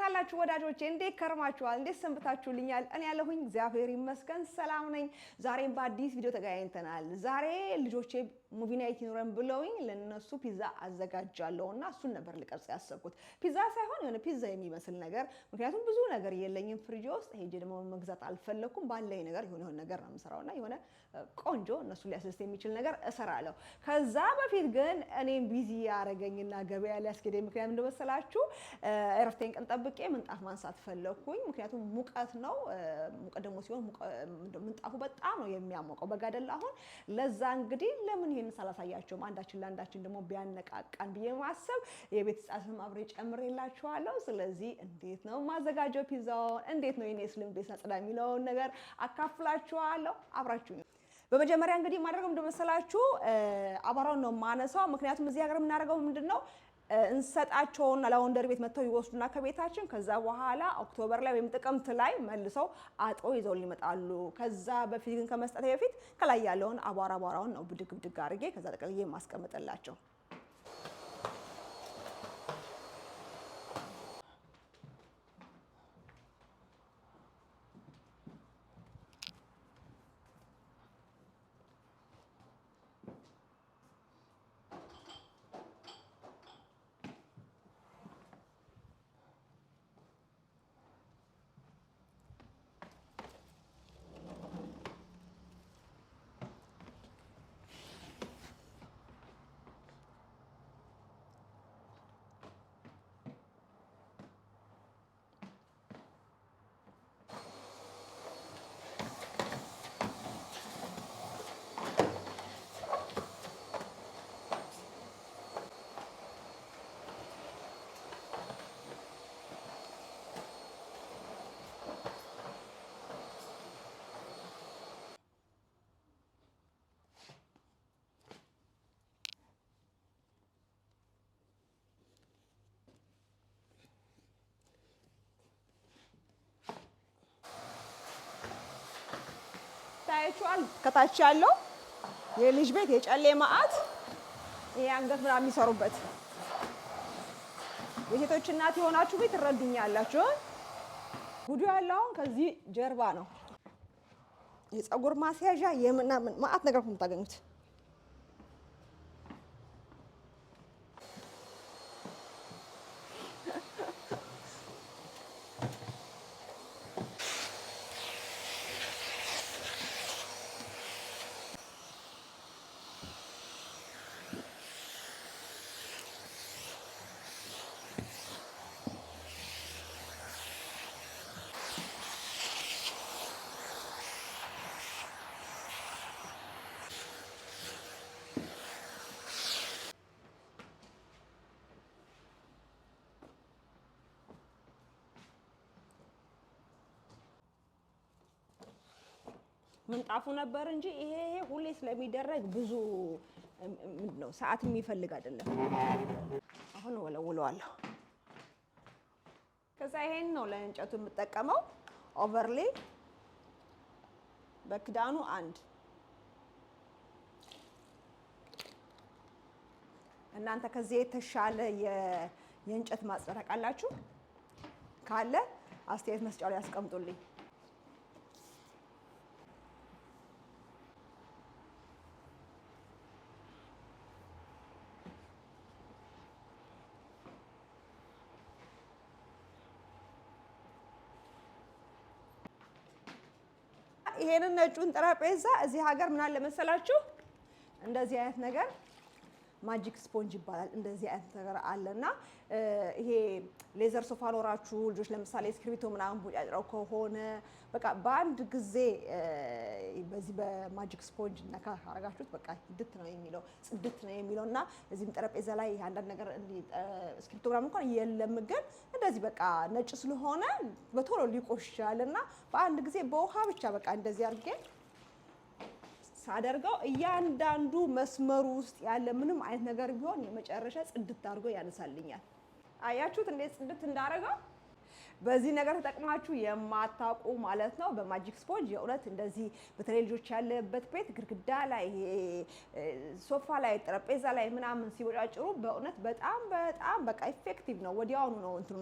እንዴት አላችሁ ወዳጆቼ? እንዴት ከርማችኋል? እንዴት ሰንብታችሁልኛል? እኔ ያለሁኝ እግዚአብሔር ይመስገን ሰላም ነኝ። ዛሬም በአዲስ ቪዲዮ ተገናኝተናል። ዛሬ ልጆቼ ሙቪ ናይት ይኖረን ብለውኝ ለነሱ ፒዛ አዘጋጃለሁ እና እሱን ነበር ልቀርጽ ያሰብኩት። ፒዛ ሳይሆን የሆነ ፒዛ የሚመስል ነገር፣ ምክንያቱም ብዙ ነገር የለኝም ፍሪጅ ውስጥ። ሄጄ ደግሞ መግዛት አልፈለግኩም። ባለኝ ነገር የሆነ የሆነ ነገር ነው የምሰራው እና የሆነ ቆንጆ እነሱ ሊያስደስት የሚችል ነገር እሰራለሁ። ከዛ በፊት ግን እኔም ቢዚ ያደረገኝና ገበያ ሊያስኬደኝ ምክንያት እንደመሰላችሁ እረፍቴን ቀን ጠብቄ ምንጣፍ ማንሳት ፈለግኩኝ። ምክንያቱም ሙቀት ነው። ሙቀት ደግሞ ሲሆን ምንጣፉ በጣም ነው የሚያሞቀው። በጋደላ አሁን ለዛ እንግዲህ ለምን ይህንን ሳላሳያቸውም አንዳችን ለአንዳችን ደግሞ ቢያነቃቃን ብዬ ማሰብ የቤት ጻትም አብሬ ጨምሬላችኋለሁ። ስለዚህ እንዴት ነው ማዘጋጀው ፒዛውን፣ እንዴት ነው ስልም ቤት ሳጽዳ የሚለውን ነገር አካፍላችኋለሁ። አብራችሁ በመጀመሪያ እንግዲህ ማድረግ እንደመሰላችሁ አቧራውን ነው ማነሳው። ምክንያቱም እዚህ ሀገር የምናደርገው ምንድን ነው እንሰጣቸውና ለወንደር ቤት መጥተው ይወስዱና ከቤታችን ከዛ በኋላ ኦክቶበር ላይ ወይም ጥቅምት ላይ መልሰው አጥሮ ይዘው ሊመጣሉ። ከዛ በፊት ግን ከመስጠት በፊት ከላይ ያለውን አቧራ አቧራውን ነው ብድግ ብድግ አድርጌ ከዛ ጠቅልዬ ማስቀመጥላቸው። ታያችኋል። ከታች ያለው የልጅ ቤት የጨሌ ማአት ይሄ አንገት ምናምን የሚሰሩበት የሴቶች እናት የሆናችሁ ቤት ትረዱኛላችሁ። ጉዱ ያለው አሁን ከዚህ ጀርባ ነው። የፀጉር ማስያዣ የምናምን ማአት ነገር ነው የምታገኙት። ምንጣፉ ነበር እንጂ ይሄ ይሄ ሁሌ ስለሚደረግ ብዙ ነው ሰዓት የሚፈልግ አይደለም። አሁን ወለውለዋለሁ። ከዛ ይሄን ነው ለእንጨቱ የምጠቀመው። ኦቨርሌ በክዳኑ አንድ እናንተ ከዚህ የተሻለ የእንጨት ማጽረቅ አላችሁ? ካለ አስተያየት መስጫው ላይ ያስቀምጡልኝ። ይሄንን ነጩን ጠረጴዛ እዚህ ሀገር ምን አለ መሰላችሁ እንደዚህ አይነት ነገር ማጂክ ስፖንጅ ይባላል። እንደዚህ አይነት ነገር አለና ይሄ ሌዘር ሶፋ ኖራችሁ ልጆች ለምሳሌ እስክሪብቶ ምናምን ቡጫጭረው ከሆነ በቃ በአንድ ጊዜ በዚህ በማጂክ ስፖንጅ ነካ አረጋችሁት በቃ ድት ነው የሚለው ጽድት ነው የሚለው እና እዚህም ጠረጴዛ ላይ አንዳንድ ነገር እስክሪብቶ ምናምን እንኳን የለም፣ ግን እንደዚህ በቃ ነጭ ስለሆነ በቶሎ ሊቆሻል እና በአንድ ጊዜ በውሃ ብቻ በቃ እንደዚህ አድርጌ ሳደርገው እያንዳንዱ መስመሩ ውስጥ ያለ ምንም አይነት ነገር ቢሆን የመጨረሻ ጽድት አድርጎ ያነሳልኛል። አያችሁት እንዴት ጽድት እንዳደረገው በዚህ ነገር ተጠቅማችሁ የማታውቁ ማለት ነው። በማጂክ ስፖንጅ የእውነት እንደዚህ በተለይ ልጆች ያለበት ቤት ግድግዳ ላይ፣ ሶፋ ላይ፣ ጠረጴዛ ላይ ምናምን ሲወጫጭሩ በእውነት በጣም በጣም በቃ ኢፌክቲቭ ነው። ወዲያውኑ ነው እንትኑ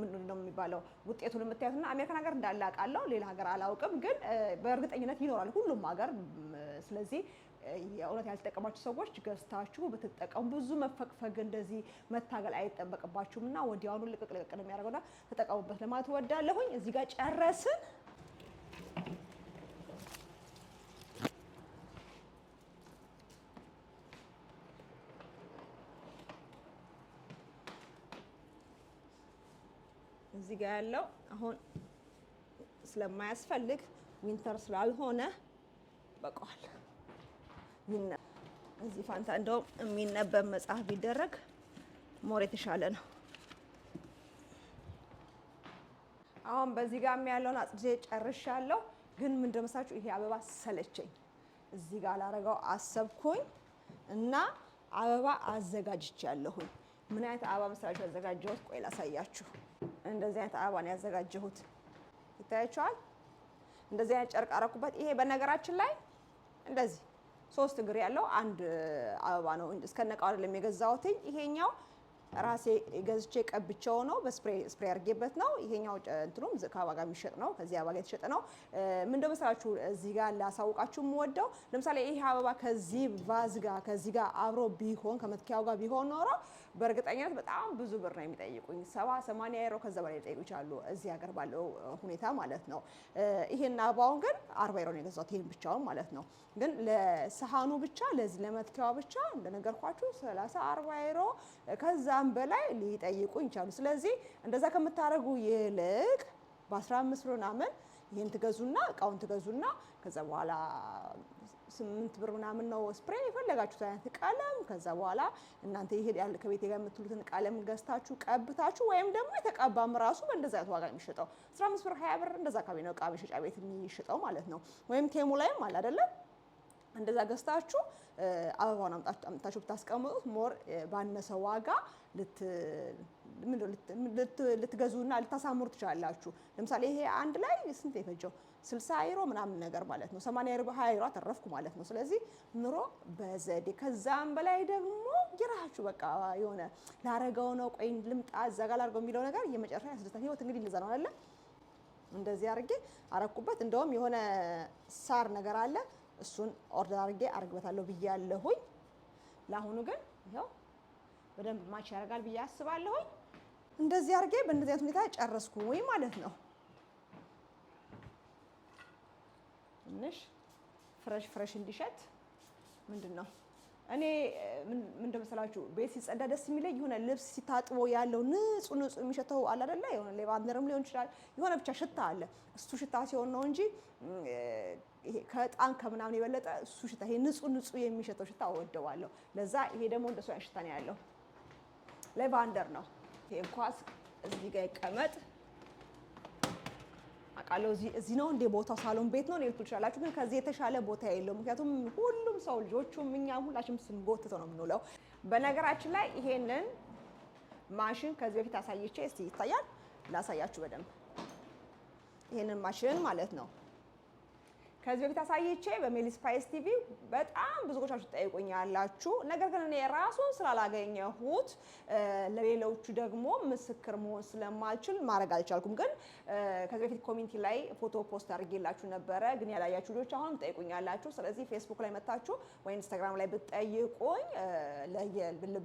ምንድን ነው የሚባለው ውጤቱን የምታዩትና አሜሪካን ሀገር እንዳላቃለው ሌላ ሀገር አላውቅም፣ ግን በእርግጠኝነት ይኖራል ሁሉም ሀገር ስለዚህ የእውነት ያልተጠቀማችሁ ሰዎች ገዝታችሁ ብትጠቀሙ ብዙ መፈቅፈግ እንደዚህ መታገል አይጠበቅባችሁም እና ወዲያውኑ ልቅቅ ልቅቅ ነው የሚያደርገውና ተጠቀሙበት ለማለት እወዳለሁኝ። እዚህ ጋር ጨረስን። እዚህ ጋር ያለው አሁን ስለማያስፈልግ ዊንተር ስላልሆነ በቀዋል እዚህ ፋንታ እንደውም የሚነበብ መጽሐፍ ቢደረግ ሞር የተሻለ ነው። አሁን በዚህ ጋር ያለውን አጽድቼ ጨርሻለሁ። ግን ምን ይሄ አበባ ሰለቸኝ። እዚህ ጋር ላረገው አሰብኩኝ እና አበባ አዘጋጅቻለሁኝ። ምን አይነት አበባ መስላችሁ ያዘጋጀሁት? ቆይ ላሳያችሁ። እንደዚህ አይነት አበባ ነው ያዘጋጀሁት። ይታያችኋል። እንደዚህ አይነት ጨርቅ አረኩበት። ይሄ በነገራችን ላይ እንደዚህ ሶስት እግር ያለው አንድ አበባ ነው እስከነቃው አይደለም የገዛሁት። ይሄኛው ራሴ ገዝቼ ቀብቼው ነው በስፕሬ ስፕሬ አድርጌበት ነው። ይሄኛው እንትኑም ከአበባ ጋር የሚሸጥ ነው። ከዚህ አበባ ጋር የተሸጠ ነው። ምን ደመሰላችሁ እዚህ ጋር ላሳውቃችሁ የምወደው ለምሳሌ ይሄ አበባ ከዚህ ቫዝ ጋር ከዚህ ጋር አብሮ ቢሆን ከመትኪያው ጋር ቢሆን ኖሮ በእርግጠኛነት በጣም ብዙ ብር ነው የሚጠይቁኝ። ሰባ ሰማንያ ዩሮ ከዛ በላይ ሊጠይቁ ይችላሉ፣ እዚህ ሀገር ባለው ሁኔታ ማለት ነው። ይሄን አበባውን ግን አርባ ዩሮ ነው የገዛሁት፣ ይህን ብቻውን ማለት ነው። ግን ለሰሃኑ ብቻ ለዚህ ለመትኪያዋ ብቻ እንደነገርኳችሁ ሰላሳ አርባ ዩሮ ከዛም በላይ ሊጠይቁኝ ይችላሉ። ስለዚህ እንደዛ ከምታደርጉ ይልቅ በአስራ አምስት ብር ምናምን ይህን ትገዙና እቃውን ትገዙና ከዛ በኋላ ስምንት ብር ምናምን ነው ስፕሬን የፈለጋችሁት አይነት ቀለም። ከዛ በኋላ እናንተ ይሄ ከቤቴ ጋር የምትሉትን ቀለም ገዝታችሁ ቀብታችሁ ወይም ደግሞ የተቀባም ራሱ በእንደዛ አይነት ዋጋ የሚሸጠው 15 ብር 20 ብር እንደዛ አካባቢ ነው እቃ መሸጫ ቤት የሚሸጠው ማለት ነው። ወይም ቴሙ ላይም አለ አይደለም እንደዛ ገዝታችሁ አበባውን አምጣችሁ ብታስቀምጡት ሞር ባነሰ ዋጋ ልትገዙና ልታሳምሩ ትችላላችሁ። ለምሳሌ ይሄ አንድ ላይ ስንት የፈጀው 60 ዩሮ ምናምን ነገር ማለት ነው። ሰማንያ ዩሮ 20 ዩሮ አተረፍኩ ማለት ነው። ስለዚህ ኑሮ በዘዴ ከዛም በላይ ደግሞ ይራችሁ በቃ የሆነ ላረገው ነው ቆይ ልምጣ እዛ ጋር ላርገው የሚለው ነገር የመጨረሻ ያስደስታል። ህይወት እንግዲህ እንደዛ ነው አይደለ? እንደዚህ አድርጌ አረኩበት። እንደውም የሆነ ሳር ነገር አለ እሱን ኦርደር አድርጌ አርግበታለሁ አለሁኝ ለአሁኑ ግን ይኸው በደንብ ማች ያደርጋል ብዬ አስባለሁኝ። እንደዚህ አድርጌ በእንደዚህ አይነት ሁኔታ ወይ ማለት ነው። ትንሽ ፍረሽ ፍረሽ እንዲሸት ምንድን ነው እኔ ምን መሰላችሁ ቤት ሲጸዳ ደስ የሚለኝ የሆነ ልብስ ሲታጥቦ ያለው ንጹህ ንጹህ የሚሸተው አለ አይደለ? የሆነ ሌባንደርም ሊሆን ይችላል የሆነ ብቻ ሽታ አለ። እሱ ሽታ ሲሆን ነው እንጂ ይሄ ከእጣን ከምናምን የበለጠ እሱ ሽታ ይሄ ንጹህ ንጹህ የሚሸተው ሽታ እወደዋለሁ። ለዛ ይሄ ደግሞ እንደሱ አይነት ሽታ ነው ያለው። ሌቫንደር ነው ይሄ። ኳስ እዚህ ጋር ይቀመጥ አቃለው እዚህ ነው እንደ ቦታው ሳሎን ቤት ነው ልትሉ ትችላላችሁ፣ ግን ከዚህ የተሻለ ቦታ የለው። ምክንያቱም ሁሉም ሰው ልጆቹም፣ እኛም ሁላችንም ስንጎትተው ነው የምንውለው። በነገራችን ላይ ይሄንን ማሽን ከዚህ በፊት አሳይቼ እስቲ ይታያል ላሳያችሁ በደንብ ይሄንን ማሽን ማለት ነው ከዚህ በፊት አሳይቼ በሜሊስ ፓይስ ቲቪ በጣም ብዙዎቻችሁ ትጠይቁኛላችሁ። ነገር ግን እኔ ራሱን ስላላገኘሁት ለሌሎቹ ደግሞ ምስክር መሆን ስለማልችል ማድረግ አልቻልኩም። ግን ከዚህ በፊት ኮሚኒቲ ላይ ፎቶ ፖስት አድርጌላችሁ ነበረ። ግን ያላያችሁ ልጆች አሁንም ትጠይቁኛላችሁ። ስለዚህ ፌስቡክ ላይ መታችሁ ወይ ኢንስታግራም ላይ ብትጠይቁኝ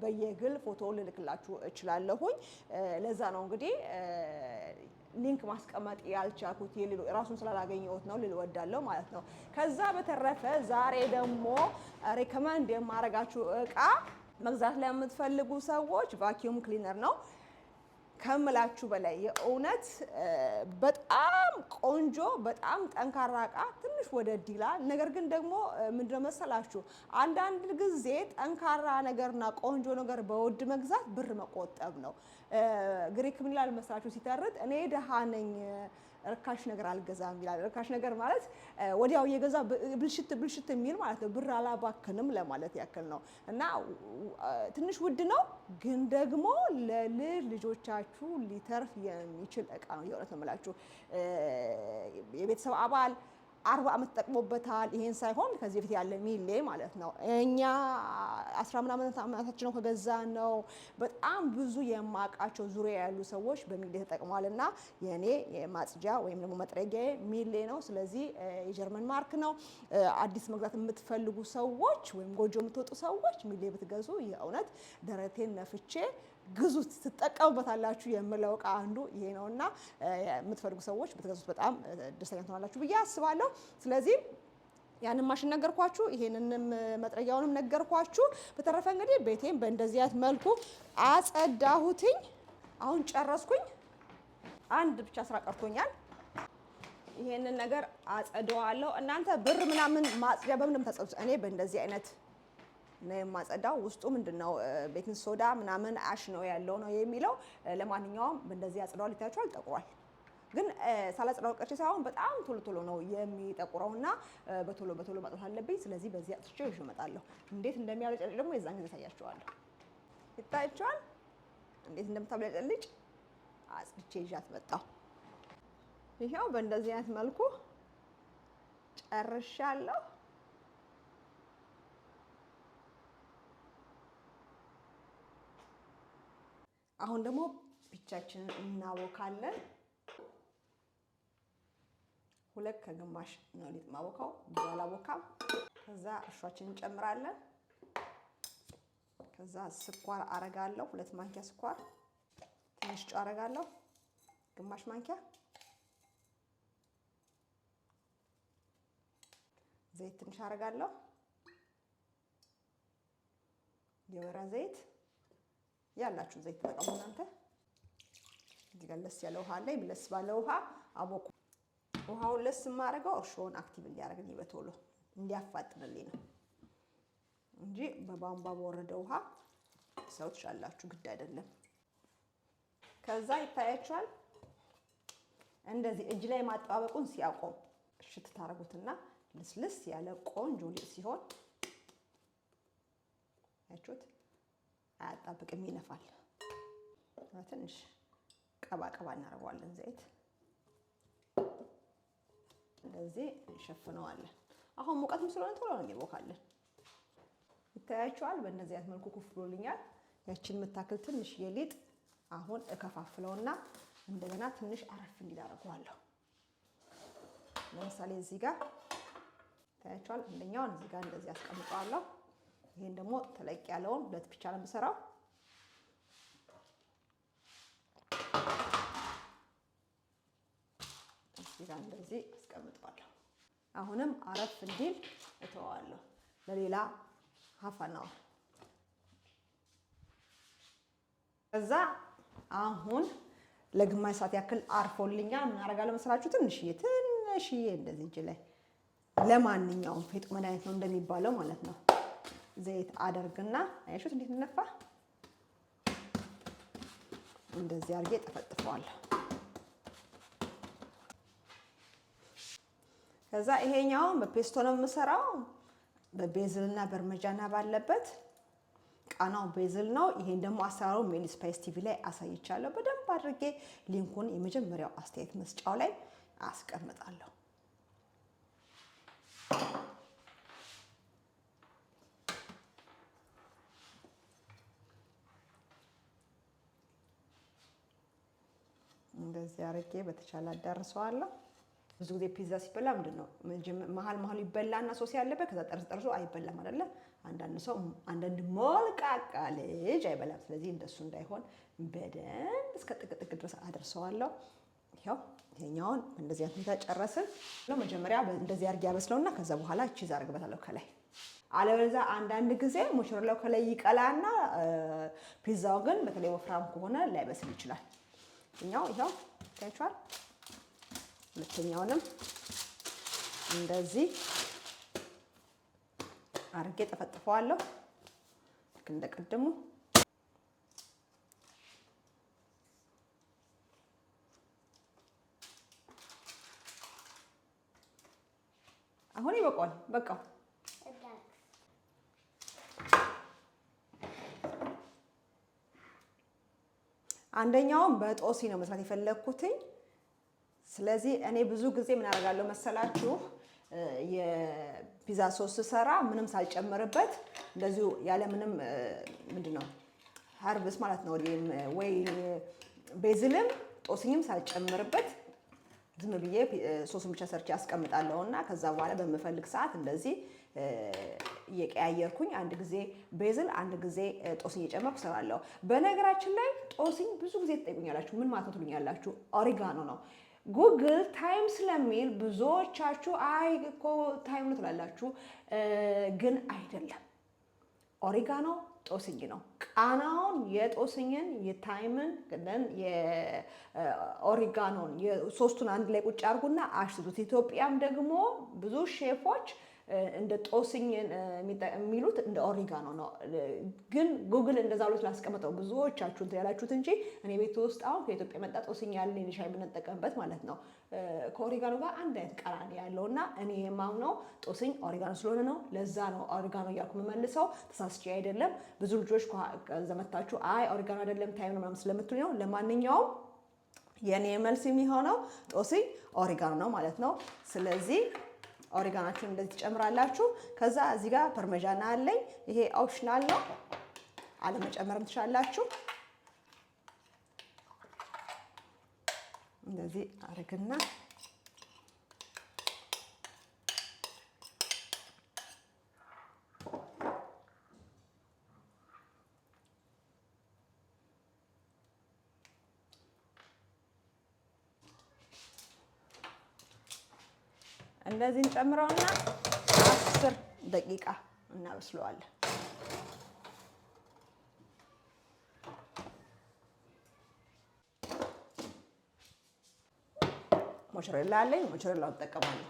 በየግል ፎቶ ልልክላችሁ እችላለሁኝ። ለዛ ነው እንግዲህ ሊንክ ማስቀመጥ ያልቻልኩት ራሱን ስላላገኘሁት ነው ልል እወዳለሁ ማለት ነው። ከዛ በተረፈ ዛሬ ደግሞ ሪከመንድ የማረጋችሁ እቃ መግዛት ላይ የምትፈልጉ ሰዎች ቫኪዩም ክሊነር ነው። ከምላችሁ በላይ የእውነት በጣም ቆንጆ በጣም ጠንካራ እቃ ትንሽ ወደድ ይላል። ነገር ግን ደግሞ ምንድነው መሰላችሁ አንዳንድ ጊዜ ጠንካራ ነገርና ቆንጆ ነገር በውድ መግዛት ብር መቆጠብ ነው። ግሪክ ምን ይላል መሰላችሁ ሲተርት እኔ ደሃ ነኝ ርካሽ ነገር አልገዛም ይላል። ርካሽ ነገር ማለት ወዲያው የገዛ ብልሽት ብልሽት የሚል ማለት ነው። ብር አላባክንም ለማለት ያክል ነው እና ትንሽ ውድ ነው፣ ግን ደግሞ ለልጅ ልጆቻችሁ ሊተርፍ የሚችል እቃ ነው። የእውነት ነው የምላችሁ የቤተሰብ አባል አርባ ዓመት ተጠቅሞበታል። ይሄን ሳይሆን ከዚህ በፊት ያለ ሚሌ ማለት ነው። እኛ አስራ ምናምን ዓመታችን ነው ከገዛ ነው። በጣም ብዙ የማውቃቸው ዙሪያ ያሉ ሰዎች በሚሌ ተጠቅሟል። እና የእኔ የማጽጃ ወይም ደግሞ መጥረጊያ ሚሌ ነው። ስለዚህ የጀርመን ማርክ ነው። አዲስ መግዛት የምትፈልጉ ሰዎች ወይም ጎጆ የምትወጡ ሰዎች ሚሌ ብትገዙ የእውነት ደረቴን ነፍቼ ግዙት፣ ትጠቀሙበታላችሁ የምለው እቃ አንዱ ይሄ ነው እና የምትፈልጉ ሰዎች ብትገዙት በጣም ደስተኛ ትሆናላችሁ ብዬ አስባለሁ። ስለዚህ ያንን ማሽን ነገርኳችሁ፣ ይሄንንም መጥረጊያውንም ነገርኳችሁ። በተረፈ እንግዲህ ቤቴም በእንደዚህ አይነት መልኩ አጸዳሁትኝ። አሁን ጨረስኩኝ። አንድ ብቻ ስራ ቀርቶኛል። ይሄንን ነገር አጸደዋለሁ። እናንተ ብር ምናምን ማጽጃ በምንም ተጸዱት። እኔ በእንደዚህ አይነት ነው የማጸዳው፣ ውስጡ ምንድነው ቤኪንግ ሶዳ ምናምን አሽ ነው ያለው ነው የሚለው። ለማንኛውም እንደዚህ አጽዳዋል፣ ይታያችኋል፣ ጠቁሯል። ግን ሳላጽዳው ቀርቼ ሳይሆን በጣም ቶሎ ቶሎ ነው የሚጠቁረውና በቶሎ በቶሎ ማጥፋት አለብኝ። ስለዚህ በዚህ አጥቼ ይዤ እመጣለሁ። እንዴት እንደሚያብለጨልጭ ደግሞ የዛን ጊዜ ታያችኋለሁ። ይታያችኋል እንዴት እንደምታብለጨልጭ አጽድቼ ይዣት መጣሁ። ይኸው በእንደዚህ አይነት መልኩ ጨርሻለሁ። አሁን ደግሞ ብቻችንን እናቦካለን። ሁለት ከግማሽ ነው ሊጥ ማቦካው ብዙ አላቦካም። ከዛ እርሾችን እንጨምራለን። ከዛ ስኳር አረጋለሁ፣ ሁለት ማንኪያ ስኳር፣ ትንሽ ጨው አረጋለሁ፣ ግማሽ ማንኪያ ዘይት ትንሽ አረጋለሁ፣ የወይራ ዘይት ያላችሁን ዘይት ተጠቀሙ። እናንተ እዚህ ጋር ለስ ያለ ውሃ ላይ ለስ ባለ ውሃ አቦኩ። ውሃውን ለስ የማደርገው እርሾውን አክቲቭ እንዲያደርግልኝ በቶሎ እንዲያፋጥንልኝ ነው እንጂ በቧንቧ በወረደ ውሃ ሰው ትሻላችሁ፣ ግድ አይደለም። ከዛ ይታያችኋል እንደዚህ እጅ ላይ ማጠባበቁን ሲያቆም እሽት ታደርጉትና ልስልስ ያለ ቆንጆ ሲሆን ያችሁት አያጣብቅም፣ ይነፋል። ትንሽ ቀባቀባ እናደርገዋለን ዘይት እንደዚህ እንሸፍነዋለን። አሁን ሙቀትም ስለሆነ ቶሎ ነው የሚቦካለን። ይታያችኋል። በእነዚህ አይነት መልኩ ኩፍሎልኛል። ያችን የምታክል ትንሽ የሊጥ አሁን እከፋፍለውና እንደገና ትንሽ አረፍ እንዲል አደርገዋለሁ። ለምሳሌ እዚህ ጋር ይታያችኋል። አንደኛውን እዚህ ጋር እንደዚህ አስቀምጠዋለሁ። ይህን ደግሞ ተለቅ ያለውን ሁለት ብቻ ነው የምሰራው። እዚህ ጋር እንደዚህ አስቀምጠዋለሁ። አሁንም አረፍ እንዲል እተዋዋለሁ ለሌላ ሀፈናው። ከዛ አሁን ለግማሽ ሰዓት ያክል አርፎልኛል። ምን አደርጋለሁ መሰላችሁ? ትንሽዬ ትንሽዬ እንደዚህ እጅ ላይ ለማንኛውም ፌጦ መድኃኒት ነው እንደሚባለው ማለት ነው ዘይት አደርግና አያችሁት እንዴት ነፋ። እንደዚህ አድርጌ ጠፈጥፈዋለሁ። ከዛ ይሄኛውን በፔስቶ ነው የምሰራው። በቤዝልና በርመጃና ባለበት ቃናው ቤዝል ነው። ይሄን ደግሞ አሰራሩ ሜሊ ስፓይስ ቲቪ ላይ አሳይቻለሁ። በደንብ አድርጌ ሊንኩን የመጀመሪያው አስተያየት መስጫው ላይ አስቀምጣለሁ። እንደዚህ አድርጌ በተቻለ አዳርሰዋለሁ። ብዙ ጊዜ ፒዛ ሲበላ ምንድን ነው መሀል መሀሉ ይበላና ሶስ ያለበት ከዛ ጠርዝ ጠርዞ አይበላም አይደለ? አንዳንድ ሰው አንዳንድ ሞልቃቃ ልጅ አይበላም። ስለዚህ እንደሱ እንዳይሆን በደንብ እስከ ጥቅጥቅ ድረስ አደርሰዋለሁ። ይኸው ይሄኛውን እንደዚህ ሁኔታ ጨረስን። መጀመሪያ እንደዚህ አድርጌ ያበስለውና ከዛ በኋላ ቺዝ አደርግበታለሁ ከላይ አለበለዛ አንዳንድ ጊዜ ሞሽሬላው ከላይ ይቀላና ፒዛው ግን በተለይ ወፍራም ከሆነ ላይበስል ይችላል። እኛው ይኸው ታይቷል። ሁለተኛውንም እንደዚህ አርጌ ጠፈጥፈዋለሁ። ልክ እንደቀድሙ አሁን ይበቃዋል። በቃው። አንደኛውም በጦሲ ነው መስራት የፈለግኩትኝ። ስለዚህ እኔ ብዙ ጊዜ ምን አደርጋለሁ መሰላችሁ የፒዛ ሶስ ስሰራ ምንም ሳልጨምርበት እንደዚሁ ያለ ምንም ምንድን ነው ሀርብስ ማለት ነው ወይ ቤዝልም ጦስኝም ሳልጨምርበት ዝም ብዬ ሶስን ብቻ ሰርቼ አስቀምጣለሁ እና ከዛ በኋላ በምፈልግ ሰዓት እንደዚህ እየቀያየርኩኝ አንድ ጊዜ ቤዝል አንድ ጊዜ ጦስኝ እየጨመርኩ እሰራለሁ። በነገራችን ላይ ጦስኝ ብዙ ጊዜ ትጠይቁኛላችሁ። ምን ማለት ነው ትሉኛላችሁ። ኦሪጋኖ ነው። ጉግል ታይም ስለሚል ብዙዎቻችሁ አይ እኮ ታይም ነው ትላላችሁ፣ ግን አይደለም። ኦሪጋኖ ጦስኝ ነው። ቃናውን የጦስኝን የታይምን ግን የኦሪጋኖን ሶስቱን አንድ ላይ ቁጭ አድርጉና አሽትቱት። ኢትዮጵያም ደግሞ ብዙ ሼፎች እንደ ጦስኝ የሚሉት እንደ ኦሪጋኖ ነው። ግን ጉግል እንደዛ ብሎት ላስቀምጠው ብዙዎቻችሁ እንትን ያላችሁት እንጂ እኔ ቤት ውስጥ አሁን ከኢትዮጵያ መጣ ጦስኝ ያለ ሻይ ብንጠቀምበት ማለት ነው ከኦሪጋኖ ጋር አንድ አይነት ቀራኒ ያለው እና እኔ የማምነው ጦስኝ ኦሪጋኖ ስለሆነ ነው። ለዛ ነው ኦሪጋኖ እያልኩ የምመልሰው። ተሳስቼ አይደለም። ብዙ ልጆች ዘመታችሁ አይ ኦሪጋኖ አይደለም ታይም ነው ምናምን ስለምትሉ ነው። ለማንኛውም የእኔ መልስ የሚሆነው ጦስኝ ኦሪጋኖ ነው ማለት ነው። ስለዚህ ኦሪጋናችሁን እንደዚህ ትጨምራላችሁ። ከዛ እዚህ ጋር ፐርሜዣና አለኝ። ይሄ ኦፕሽናል ነው፣ አለመጨመርም ትችላላችሁ። እንደዚህ አድርግና እንደዚህ እንጨምረውና አስር ደቂቃ እናበስለዋለን። ሞቸሬላ አለኝ፣ ሞቸሬላውን እጠቀማለሁ።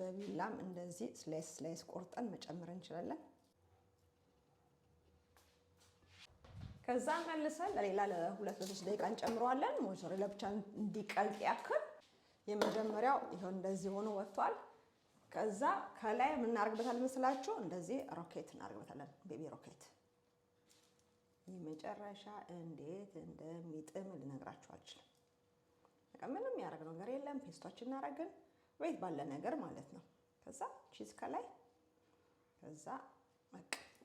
በቢላም እንደዚህ ስላይስ ስላይስ ቆርጠን መጨመር እንችላለን። ከዛ መልሰን ለሌላ ለሁለት ለሶስት ደቂቃ እንጨምረዋለን። ሞዞሬላ ብቻ እንዲቀልጥ ያክል የመጀመሪያው ይሄው እንደዚህ ሆኖ ወጥቷል። ከዛ ከላይ የምናደርግበታል መስላችሁ እንደዚህ ሮኬት እናደርግበታለን። ቤቢ ሮኬት የመጨረሻ እንዴት እንደሚጥም ልነግራችሁ አልችልም። በቃ ምንም ያደርግ ነገር የለም። ፔስቶችን እናደርግን ቤት ባለ ነገር ማለት ነው። ከዛ ቺዝ ከላይ ከዛ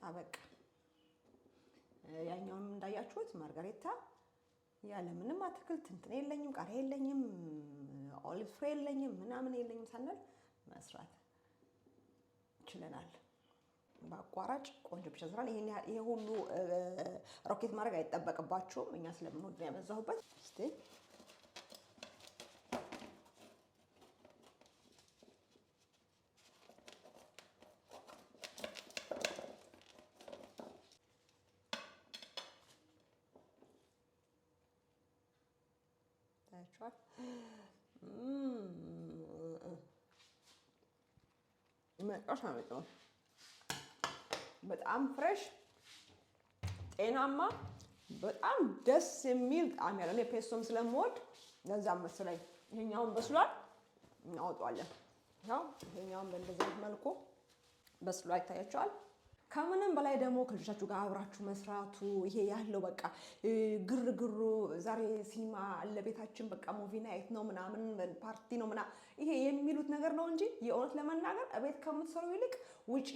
አበቃ። ያኛውንም እንዳያችሁት ማርጋሬታ ያለምንም አትክልት እንትን የለኝም፣ ቃሪያ የለኝም፣ ኦሊቭ ፍሬ የለኝም፣ ምናምን የለኝም ሳንል መስራት ችለናል። በአቋራጭ ቆንጆ ብቻ ስራ ይሄ ሁሉ ሮኬት ማድረግ አይጠበቅባችሁም። እኛ ስለምንወድ ያበዛሁበት ስ ተጠቃሽ ነው በጣም ፍሬሽ፣ ጤናማ፣ በጣም ደስ የሚል ጣዕም ያለው እኔ ፔስቶም ስለምወድ ለዛም መሰለኝ ይሄኛውን በስሏል፣ እናወጣዋለን። ያው ይሄኛውን በእንደዚህ መልኩ በስሏ ይታያቸዋል። ከምንም በላይ ደግሞ ከልጆቻችሁ ጋር አብራችሁ መስራቱ ይሄ ያለው በቃ ግርግሩ፣ ዛሬ ሲኒማ አለ ቤታችን፣ በቃ ሙቪ ናይት ነው ምናምን ፓርቲ ነው ምና ይሄ የሚሉት ነገር ነው እንጂ የእውነት ለመናገር ቤት ከምትሰሩ ይልቅ ውጭ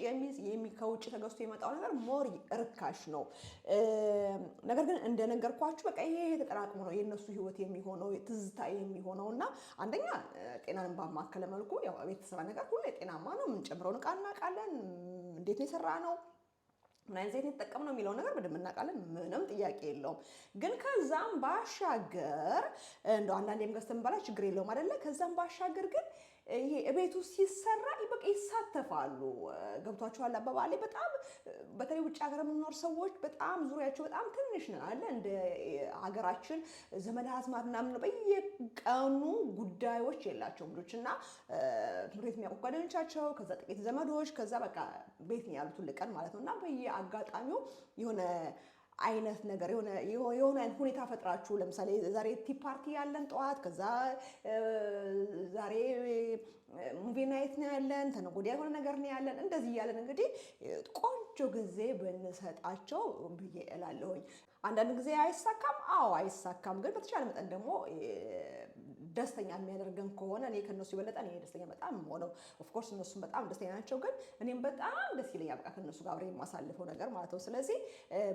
ከውጭ ተገዝቶ የመጣው ነገር ሞር እርካሽ ነው። ነገር ግን እንደነገርኳችሁ በቃ ይሄ የተጠራቅሙ ነው የእነሱ ህይወት የሚሆነው ትዝታ የሚሆነው እና አንደኛ ጤናን ባማከለ መልኩ ቤተሰባ ነገር ሁሉ ጤናማ ነው። የምንጨምረውን እቃ እናውቃለን። እንዴት ነው የሰራ ነው ምን አይነት ዘይት የተጠቀም ነው የሚለው ነገር በደንብ እናውቃለን። ምንም ጥያቄ የለውም። ግን ከዛም ባሻገር እንደ አንዳንድ ገዝተን ምባላ ችግር የለውም አደለ። ከዛም ባሻገር ግን ይሄ እቤት ውስጥ ሲሰራ በቃ ይሳተፋሉ። ገብቷቸዋል አባባሌ። በጣም በተለይ ውጭ ሀገር የምንኖር ሰዎች በጣም ዙሪያቸው በጣም ትንሽ ነው አለ እንደ ሀገራችን ዘመድ አዝማድ ምናምን ነው። በየቀኑ ጉዳዮች የላቸው ልጆች እና ትምህርት ቤት የሚያውቁ ጓደኞቻቸው፣ ከዛ ጥቂት ዘመዶች፣ ከዛ በቃ ቤት ነው ያሉት ሁል ቀን ማለት ነው እና በየአጋጣሚው የሆነ አይነት ነገር የሆነ ሁኔታ ፈጥራችሁ ለምሳሌ ዛሬ ቲ ፓርቲ ያለን ጠዋት ከዛ ዛሬ ሙቪ ናይት ነው ያለን፣ ተነጎዳ የሆነ ነገር ነው ያለን። እንደዚህ እያለን እንግዲህ ቆንጆ ጊዜ ብንሰጣቸው ብዬ እላለሁኝ። አንዳንድ ጊዜ አይሳካም፣ አዎ አይሳካም። ግን በተቻለ መጠን ደግሞ ደስተኛ የሚያደርገን ከሆነ እኔ ከነሱ የበለጠ እኔ ደስተኛ በጣም ሆነው ኦፍኮርስ እነሱም በጣም ደስተኛ ናቸው። ግን እኔም በጣም ደስ ይለኛል በቃ ከነሱ ጋር አብሬ የማሳልፈው ነገር ማለት ነው። ስለዚህ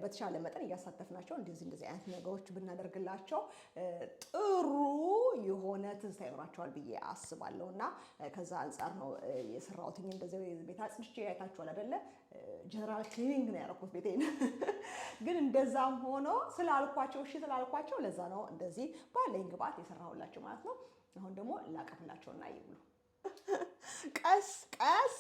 በተቻለ መጠን እያሳተፍናቸው እንደዚህ እንደዚህ አይነት ነገሮች ብናደርግላቸው ጥሩ የሆነ ትንሳኤ ይኖራቸዋል ብዬ አስባለሁ እና ከዛ አንጻር ነው የሰራሁትኝ። እንደዚህ ቤት አጽንቼ አይታችኋል አይደለ? ጀነራል ክሊኒንግ ነው ያደረኩት ቤቴን። ግን እንደዛም ሆኖ ስላልኳቸው እሺ ስላልኳቸው ለዛ ነው እንደዚህ ባለኝ ግብአት የሰራሁላቸው ማለት ነው። አሁን ደግሞ ላቀፍላቸውና ይብሉ ቀስ ቀስ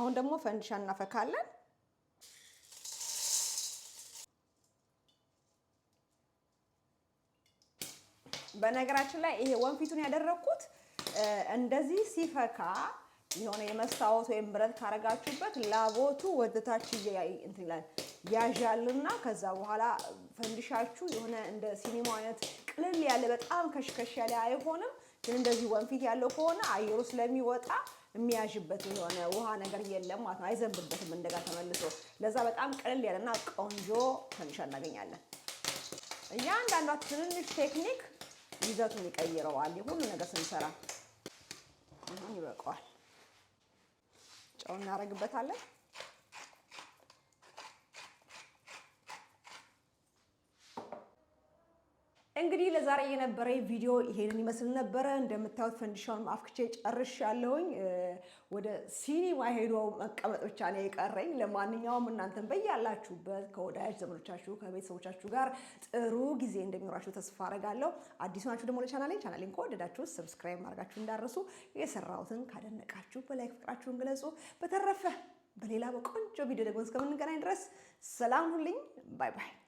አሁን ደግሞ ፈንዲሻ እናፈካለን። በነገራችን ላይ ይሄ ወንፊቱን ያደረግኩት እንደዚህ ሲፈካ የሆነ የመስታወት ወይም ብረት ካረጋችሁበት ላቦቱ ወደታች እንትን ይላል ያዣልና ከዛ በኋላ ፈንዲሻችሁ የሆነ እንደ ሲኒማ አይነት ቅልል ያለ በጣም ከሽከሽ ያለ አይሆንም። ግን እንደዚህ ወንፊት ያለው ከሆነ አየሩ ስለሚወጣ የሚያዥበት የሆነ ውሃ ነገር የለም ማለት ነው። አይዘንብበትም እንደጋ ተመልሶ። ለዛ በጣም ቀለል ያለና ቆንጆ ፈንዲሻ እናገኛለን። እያንዳንዷ ትንንሽ ቴክኒክ ይዘቱን ይቀይረዋል። የሁሉ ነገር ስንሰራ ይበቃዋል። ጨው እናደርግበታለን። እንግዲህ ለዛሬ የነበረ ቪዲዮ ይሄንን ይመስል ነበረ። እንደምታዩት ፈንዲሻውን አፍክቼ ያለውኝ ወደ ሲኒማ ሄዶ መቀመጥ ብቻ ነው የቀረኝ። ለማንኛውም እናንተን በያላችሁበት ከወዳጅ ዘመዶቻችሁ ከቤተሰቦቻችሁ ጋር ጥሩ ጊዜ እንደሚኖራችሁ ተስፋ አረጋለሁ። አዲሱ ናችሁ ደግሞ ለቻናሌ ቻናሌን ከወደዳችሁ ሰብስክራይብ ማድረጋችሁ እንዳረሱ፣ የሰራሁትን ካደነቃችሁ በላይክ ፍቅራችሁን ግለጹ። በተረፈ በሌላ በቆንጆ ቪዲዮ ደግሞ እስከምንገናኝ ድረስ ሰላም ሁልኝ። ባይ ባይ